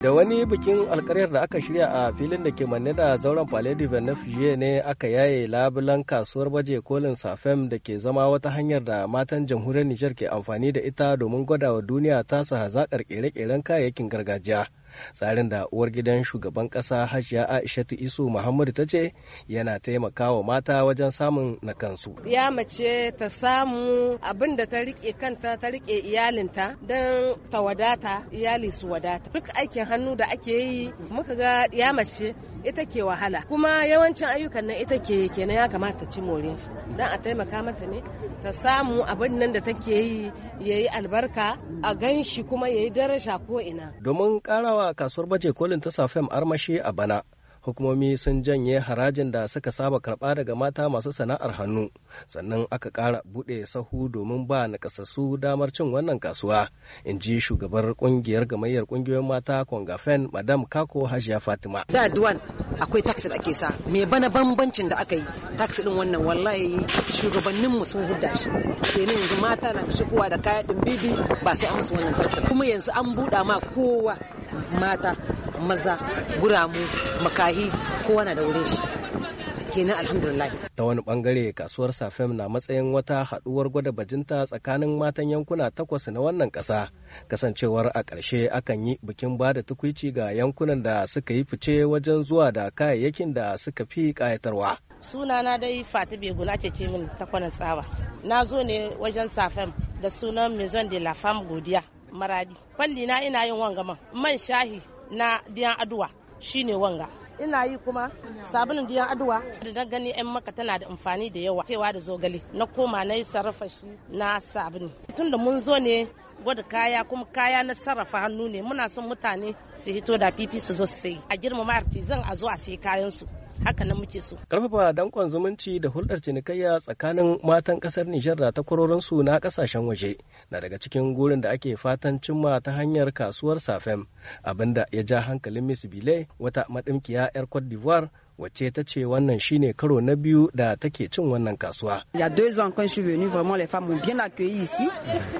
da wani bikin alkaryar da aka shirya a filin da ke manne da zauren palais jiya ne aka yaye labulan kasuwar baje kolin safem da ke zama wata hanyar da matan jamhuriyar nijar ke amfani da ita domin gwada wa duniya tasa hazaƙar kere ƙeren kayayyakin gargajiya tsarin da uwar gidan shugaban ƙasa hajiya ta iso muhammadu ta ce yana taimakawa mata wajen samun na kansu ya mace ta samu abin da ta rike kanta ta rike iyalinta don ta wadata iyali su wadata duk aikin hannu da ake yi muka ga ya mace ita ke wahala kuma yawancin ayyukan nan ita ke kenan ya kamata ci more su don a taimaka mata ne ta samu abin nan da take yi ya yi albarka a gan shi kuma yayi daraja ko ina domin karawa wa kasuwar baje kolin ta safem armashi a bana hukumomi sun janye harajin da suka saba karba daga mata masu sana'ar hannu sannan aka kara buɗe sahu domin ba nakasassu damar cin wannan kasuwa in ji shugabar ƙungiyar gamayyar ƙungiyoyin mata kongafen madam kako hajiya fatima da duwan akwai taxi da ake sa me bana bambancin da aka yi taxi din wannan wallahi shugabannin mu sun hudda shi kenan yanzu mata na shigowa da kaya ɗin bibi ba sai an musu wannan taxi kuma yanzu an buɗa ma kowa mata maza guramu makahi kowa na da wurin shi kenan alhamdulillah ta wani bangare kasuwar safem na matsayin wata haduwar gwada bajinta tsakanin matan yankuna takwas na wannan kasa kasancewar a ƙarshe akan yi bikin bada da tukwici ga yankunan da suka yi fice wajen zuwa da kayayyakin da suka fi kayatarwa sunana dai fati begula ce ce min takwanin tsawa na zo ne wajen safem da sunan maison de la femme godiya maradi kwalli na ina yin wanga man man shahi na diyan aduwa shine wanga ina yi kuma sabulin diyan aduwa da na gani yan maka tana da amfani da yawa cewa da zogale na koma na yi sarrafa shi na Tun da mun zo ne gwada kaya kuma kaya na sarrafa hannu ne muna son mutane su hito da fifi su zo su sai. a girmama artizan a zo a sayi kayan su haka nan muke so karfafa dankon zumunci da hulɗar cinikayya tsakanin matan ƙasar Nijar da takwarorinsu na ƙasashen waje na daga cikin gurin da ake fatan cimma ta hanyar kasuwar Safem abinda ya ja hankalin Miss Bile wata madimkiya 'yar Cote d'Ivoire wacce ta ce wannan shine karo na biyu da take cin wannan kasuwa. Ya deux ans quand je suis venu vraiment les femmes ont bien accueilli ici.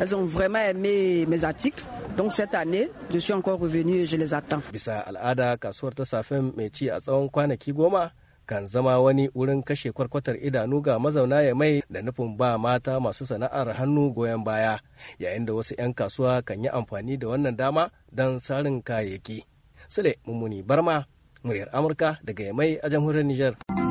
Elles ont vraiment aimé mes articles. Donc cette année, je suis encore revenu et je les attends. Bisa al'ada kasuwar ta safen mai ci a tsawon kwanaki goma kan zama wani wurin kashe kwarkwatar idanu ga mazauna ya mai da nufin ba mata masu sana'ar hannu goyon baya yayin da wasu 'yan kasuwa kan yi amfani da wannan dama don sarin kayayyaki. Sule Mummuni Barma, muryar Amurka daga Yamai a jamhuriyar Nijar.